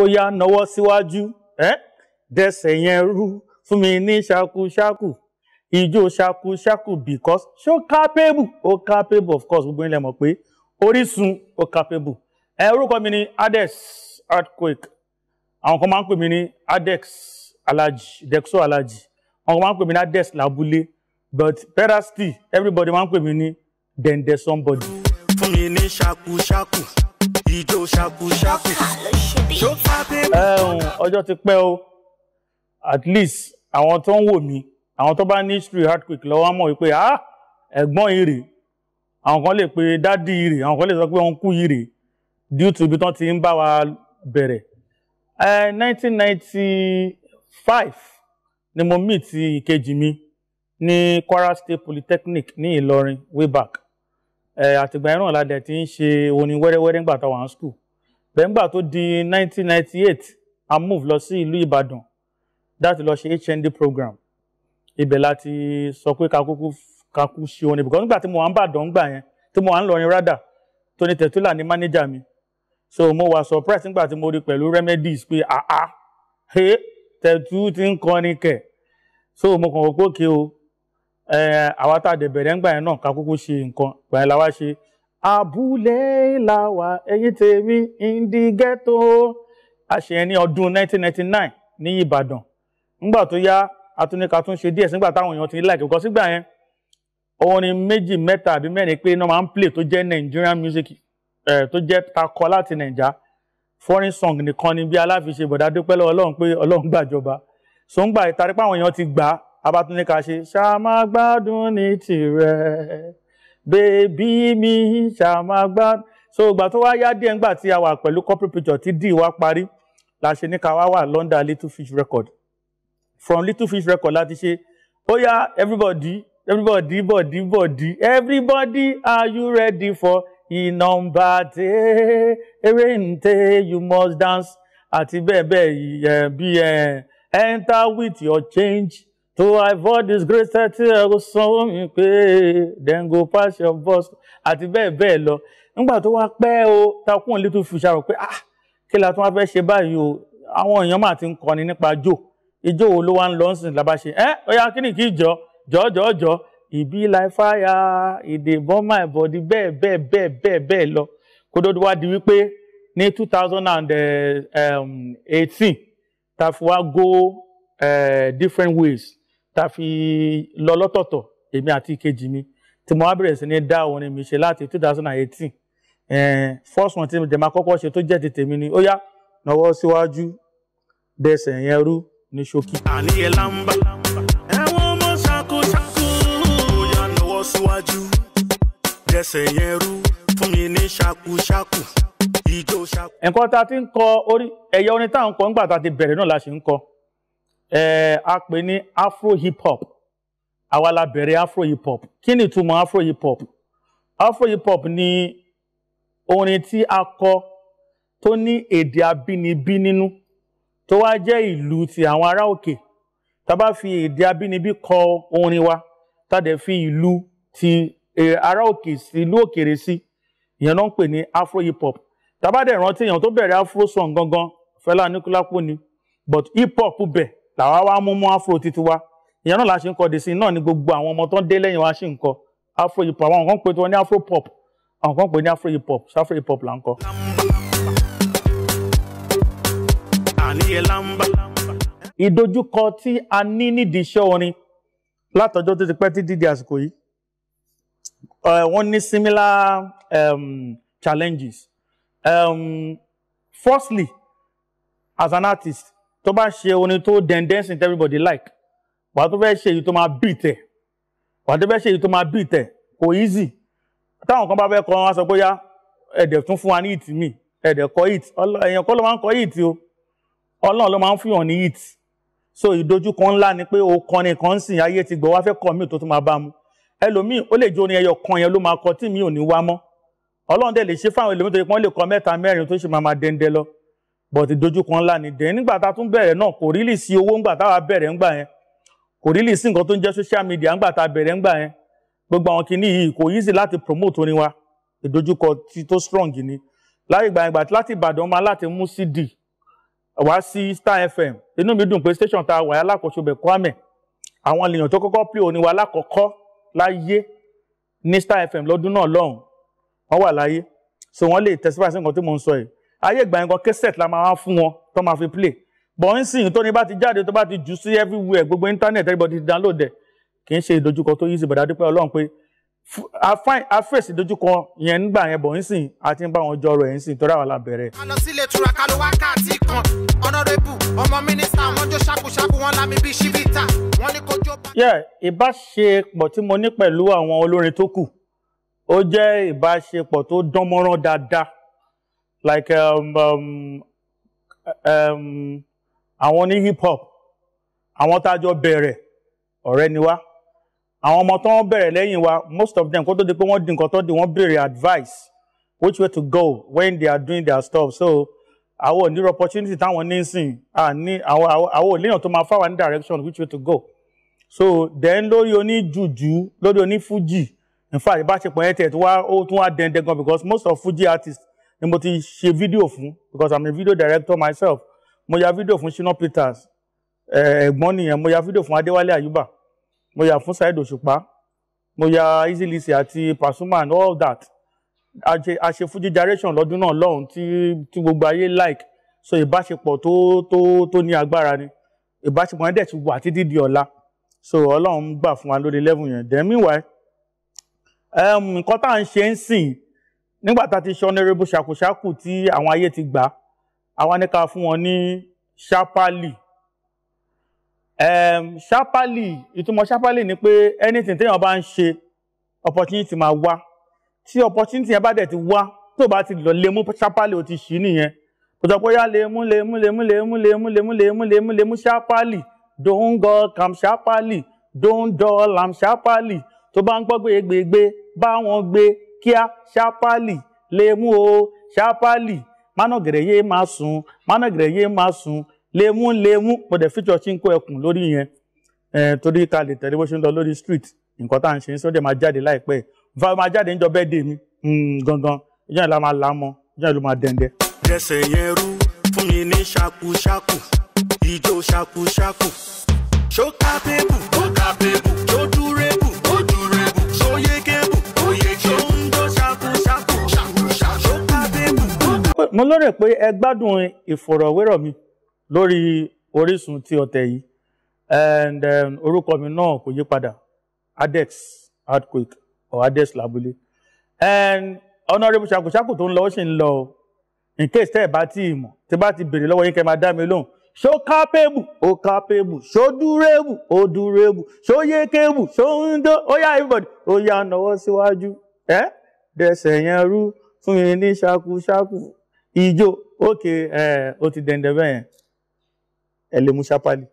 ó yá nawọ́ síwájú ẹ́ dẹsẹ̀ yẹn rú fún mi ní ṣakúṣakú ìjó ṣakúṣakú because ṣó capable ó capable of course gbogbo ilẹ̀ mọ̀ pé orísun ó capable ẹ orúkọ mi ni adex earthquake àwọn kan máa ń pè mí ní adex alaji dexo alaji àwọn kan máa ń pè mí ní adex labule but better everybody máa ń pè mí ní dende somebody. fún mi ní ṣakúṣakú ìjó ṣàkúṣàkú. ṣó fàdé. ọjọ́ ti pẹ́ o at least àwọn tó ń wò mí àwọn tó bá ní history earthquake lọ́wọ́ mọ̀ wípé ah ẹ̀gbọ́n yìí rèé àwọn kan lè pe dádì yìí rèé àwọn kan lè sọ pé òun kú yìí rèé due to ibi tán ti ń bá wa bẹ̀rẹ̀. nineteen ninety five ni mo meet ìkejì mi ní Kwara State Polytechnic ní Ìlọrin way back àtìgbà ẹ̀ràn ládẹ̀ tí ń ṣe orin wẹ́rẹ́wẹ́rẹ́ ńgbà táwọn à ń school bẹ́ẹ̀ ńgbà tó di 1998 a move lọ sí ìlú Ìbàdàn láti lọ ṣe HND program ibẹ̀ láti sọ pé kakúkú kakú ṣe orin because nígbà tí mo wà ń bàdàn ńgbà yẹn tí mo wà ń lọrin rádà Tony Tẹ̀túlà ni mánéjà mi so mo wà surprise nígbà tí mo rí pẹ̀lú remedies pé àá he Tẹ̀tú ti ń kọrin kẹ̀ so mo kàn wọ́n pé o àwa tá a dẹ̀ bẹ̀rẹ̀ ńgbà yẹn náà ká kúkú ṣe nǹkan gbà yẹn ṣe abúlé la wà tèmi indi ghetto a ṣe yẹn ní ọdún 1999 ní Ìbàdàn ńgbà tó yá atúnika tún ṣe díẹ̀ sígbà táwọn èèyàn ti like because sígbà yẹn orin méjì mẹ́ta àbí mẹ́rin pé náà máa ń play tó jẹ́ Nigerian music tó jẹ́ takọ láti Nàìjà foreign song nìkan ni bí aláfiṣe bọ̀dá dúpẹ́ lọ́wọ́ Ọlọ́run pé Ọlọ́run gbàjọba so ń ìtarípá àwọn èèyàn ti gbà á abátúndé ká ṣe ṣá gbádùn ní tìrẹ bèbí mi ṣá gbádùn so ìgbà tó wá yá díẹ̀ ńgbà tí a wà pẹ̀lú corporate picture tí dì wá parí la ṣe ní ká wá wà London Little Fish Record from Little Fish Record láti ṣe ó yá everybody everybody body body everybody are you ready for ìnàmbàtẹ eré ǹtẹ you must dance àti bẹ́ẹ̀ bẹ́ẹ̀ bí enter with your change To avoid this great thirty ẹ kò sanwó pé then go pass your boss àti bẹ́ẹ̀ bẹ́ẹ̀ lọ nígbà tó wá pẹ́ o takùn little future rò pé ah kí la tún wá fẹ́ ṣe báyìí o àwọn èèyàn máa ti ń kọni nípa jò ijó wo ló wá ń lọ sìn lábá ṣe ẹ ọyà kíni kí jọ jọ jọ jọ ìbí like fire ìdìbọn my body bẹ́ẹ̀ bẹ́ẹ̀ bẹ́ẹ̀ bẹ́ẹ̀ bẹ́ẹ̀ lọ kó dọ́dọ́ wá di wípé ní two thousand and eh, um, eighteen ta fi go eh, different ways tá a fi lọ lọ́tọ̀ọ̀tọ̀ èmi àti ìkejì mi tí mo wá bẹ̀rẹ̀ sí ní dá orin mi ṣe láti two thousand and eighteen first one tí dèmà kọ́kọ́ ṣe tó jẹ́ ti tèmi ni ó yá nọwọ́ síwájú dẹsẹ̀ yẹn rú ní ṣókí. àníyẹ lamba ẹ̀wọ̀n ọmọ ṣàkóṣàkó yà nọwọ́ síwájú dẹsẹ̀ yẹn rú fún mi ní ṣàkóṣàkó ìjó ṣàkó. nǹkan tá a ti ń kọ orí ẹ̀yà orin tá à kọ ńgbà tá a ti bẹ̀rẹ̀ náà la ṣe ń kọ eh, a pè ní afro hip hop àwa la bẹ̀rẹ̀ afro hip hop kí ni ìtumọ̀ afro hip hop afro hip hop ni orin tí a kọ tó ní èdè abínibí nínú tó wá jẹ́ ìlù ti àwọn ará òkè tá a bá fi èdè abínibí kọ orin wa tá a dẹ̀ fi ìlù ti ará òkè sí ìlú òkèrè sí ìyẹn náà ń pè ní afro hip hop tá a bá dẹ̀ rántí èèyàn tó bẹ̀rẹ̀ afro song gangan Fẹlá Aníkúlápó ni but hip hop bẹ̀ làwa wá mú mú afro títí wa ìyẹn náà la ṣe ń kọ dèsí náà ni gbogbo àwọn ọmọ tó ń dé lẹ́yìn wa ṣì ń kọ afro hip hop àwọn kan pè tí ní afro pop àwọn kan pè ní afro hip hop afro hip hop là ń kọ. ìdojúkọ tí a ní nídìí iṣẹ́ orin látọjọ́ tó ti pẹ́ títí di àsìkò yìí wọ́n ní similar um, challenges um, firstly as an artist tó bá ṣe orin tó dẹ̀ndẹ́sìn everybody like wà á tó fẹ́ ṣe èyí tó máa beat ẹ̀ wà á tó fẹ́ ṣe èyí tó máa beat ẹ̀ kò easy táwọn kan bá fẹ́ kọ wọn sọ pé yá ẹ̀dẹ̀ tún fún wa ní ìtì mi ẹ̀dẹ̀ kọ ìtì èèyàn kọ́ ló máa ń kọ ìtì o ọlọ́run ló máa ń fìyàn ní ìtì so ìdojúkọ ńlá ni pé okọrin kan ń sìn ayé ti gbọ́ wá fẹ́ kọ míì tó tún máa bá mu ẹlòmíì ó lè jó orin ẹyọ kan yẹn ló máa kọ tí mi ò ní wá mọ́ ọlọ́run dẹ̀ lè ṣe fáwọn ẹlòmíì tó yẹ kí wọ́n lè kọ mẹ́ta mẹ́rin tó ṣe máa máa dẹ́ndẹ́ lọ but ìdojúkọ ńlá ni dẹ̀ nígbà tá a tún bẹ̀rẹ̀ náà kò rílì sí owó ńgbà táwa bẹ̀rẹ̀ ńgbà yẹn kò rílì sí nǹkan tó ń jẹ́ social media ńgbà tá a bẹ̀rẹ̀ ńgbà yẹn gbogbo àwọn kìíní yìí kò easy láti promote orin wa ìdojúkọ ti tó strong ni láyé gbàyàngbà láti Ìbàdàn máa láti mú CD wá sí Star FM inú mi dùn pé station tá a wà alákòóso bẹ̀ Kwame àwọn èèyàn tó kọ́kọ́ play orin wa lákọ̀ọ́kọ́ láyé ní Star FM lọ́dún náà lọ́hùn-ún wọ́n wà láyé so wọ́n lè tẹ̀síwájú sí nǹkan tí mò ń sọ yìí ayé ìgbà yẹn kan kẹsẹ̀t la máa wá fún wọn tó máa fi play bọ̀ ń sìn tó ní bá ti jáde tó bá ti jù sí everywhere gbogbo internet everybody ti download ẹ̀ kì í ṣe ìdojúkọ tó yí sí bọ̀dá dúpẹ́ ọlọ́run pé àfẹ́sì ìdojúkọ yẹn nígbà yẹn bọ̀ ń sìn àti ń bá wọn jọ ọ̀rọ̀ ẹ̀ ń sìn tó ráwa la bẹ̀rẹ̀. ọ̀nà sílé ìtura kalu wákàtí kan ọ̀nàdẹ́bù ọmọ mínísítà wọn jó ṣàkúṣàkú wọn lámì bíi ṣíbítà wọn ní kò jó yẹ ìbáṣepọ̀ tí mo ní pẹ̀lú àwọn olórin tó kù ó jẹ́ ìbáṣepọ̀ tó dánmọ́rán dáadáa like um, um, um, àwọn ní hip hop àwọn tá a jọ bẹ̀rẹ̀ ọ̀rẹ́ ni wá àwọn ọmọ tó ń bẹ̀rẹ̀ lẹ́yìn wa most of them kó tó di pé wọ́n di nǹkan tó di wọ́n béèrè advice which way to go when they are doing their stuff so àwọn ò ní opportunity táwọn ní sìn àní àwọn àwọn ò léèyàn tó máa fáwọn ní direction which way to go so then lórí oníjùjú lórí onífújì in fact ìbáṣepọ̀ yẹn tẹ̀ tó wá ó tún wá dẹ́ndẹ́ gan because most of fuji artists ni mo ti ṣe fídíò fún because i'm a video director myself mo ya fídíò fún Shina Peters eh, ẹ̀gbọ́n nìyẹn mo ya fídíò fún Adéwálé Àyùbá mo ya fún Saheed Òṣùpá mo ya Easy Lizzy àti Pasuma and all that a ṣe Fuji generation lọ́dún náà lọ́hùn tí tí gbogbo ayé like so ìbáṣepọ̀ tó tó tó ní agbára ni ìbáṣepọ̀ yẹn dẹ̀ ti wà títí di ọ̀la so Ọlọ́run gbà fún wa lórí level yẹn then meanwhile nǹkan tá à ń ṣe ń sìn nígbà tá a ti ṣe ọ̀nẹ́rẹ́bù ṣàkùṣàkù tí àwọn ayé ti gbà àwa ní ká fún wọn ní ṣápálì ṣápálì ìtumọ̀ ṣápálì ni pé anything téèyàn bá ń ṣe opportunity máa wá tí opportunity yẹn bá dẹ̀ ti wá tó bá ti lọ lè mú ṣápálì ó ti ṣì nìyẹn kò sọ pé yá lè mú lè mú lè mú lè mú lè ṣápálì don't go kam ṣápálì don't dull am ṣápálì tó bá ń gbọ́ gbégbégbé bá wọn gbé kíá ṣápálì lèmú o ṣápálì mánàgẹ̀rẹ̀ yé máa sùn mánàgẹ̀rẹ̀ yé máa sùn lèmú lèmú mo dẹ̀ fíjọ tí ń kó ẹkùn lórí yẹn torí ká lè tẹ̀lé bó ṣe ń lọ lórí street nǹkan tá à ń ṣe sóde máa jáde láìpẹ́ nfa máa jáde níjọ bẹ́ẹ̀ dé mi hmm, gangan ìjọ yẹn la máa là á mọ ìjọ yẹn máa dẹ̀ndẹ̀. jẹsẹ̀ yẹn rú fún mi ní ṣakúṣakù ìjó ṣakúṣakù ṣókà pébù ṣókà pébù ṣó mo lérò pé ẹ gbádùn ìfọ̀rọ̀wérọ̀ mi lórí Orísun ti ọ̀tẹ̀ yìí and um, orúkọ mi náà kò yí padà Adex earthquake or Adex Labule and honourable ṣàkóṣàkó tó ń lọ ó sì ń lọ in case tẹ́ ẹ̀ bá tí ì mọ̀ tí bá ti béèrè lọ́wọ́ yín kẹ́ máa dá mi lóhùn ṣó kápébù ó kápébù ṣó dúrébù ó dúrébù ṣó yékébù ṣó ń dó ó yá everybody ó yá nọwọ́ síwájú ẹ́ dẹsẹ̀ yẹn rú fún mi ní ṣakúṣakú ijó ókè ẹ eh, ó ti dẹ̀ndẹ̀ bẹ́ẹ̀ yẹn ẹ lè mú ṣápálì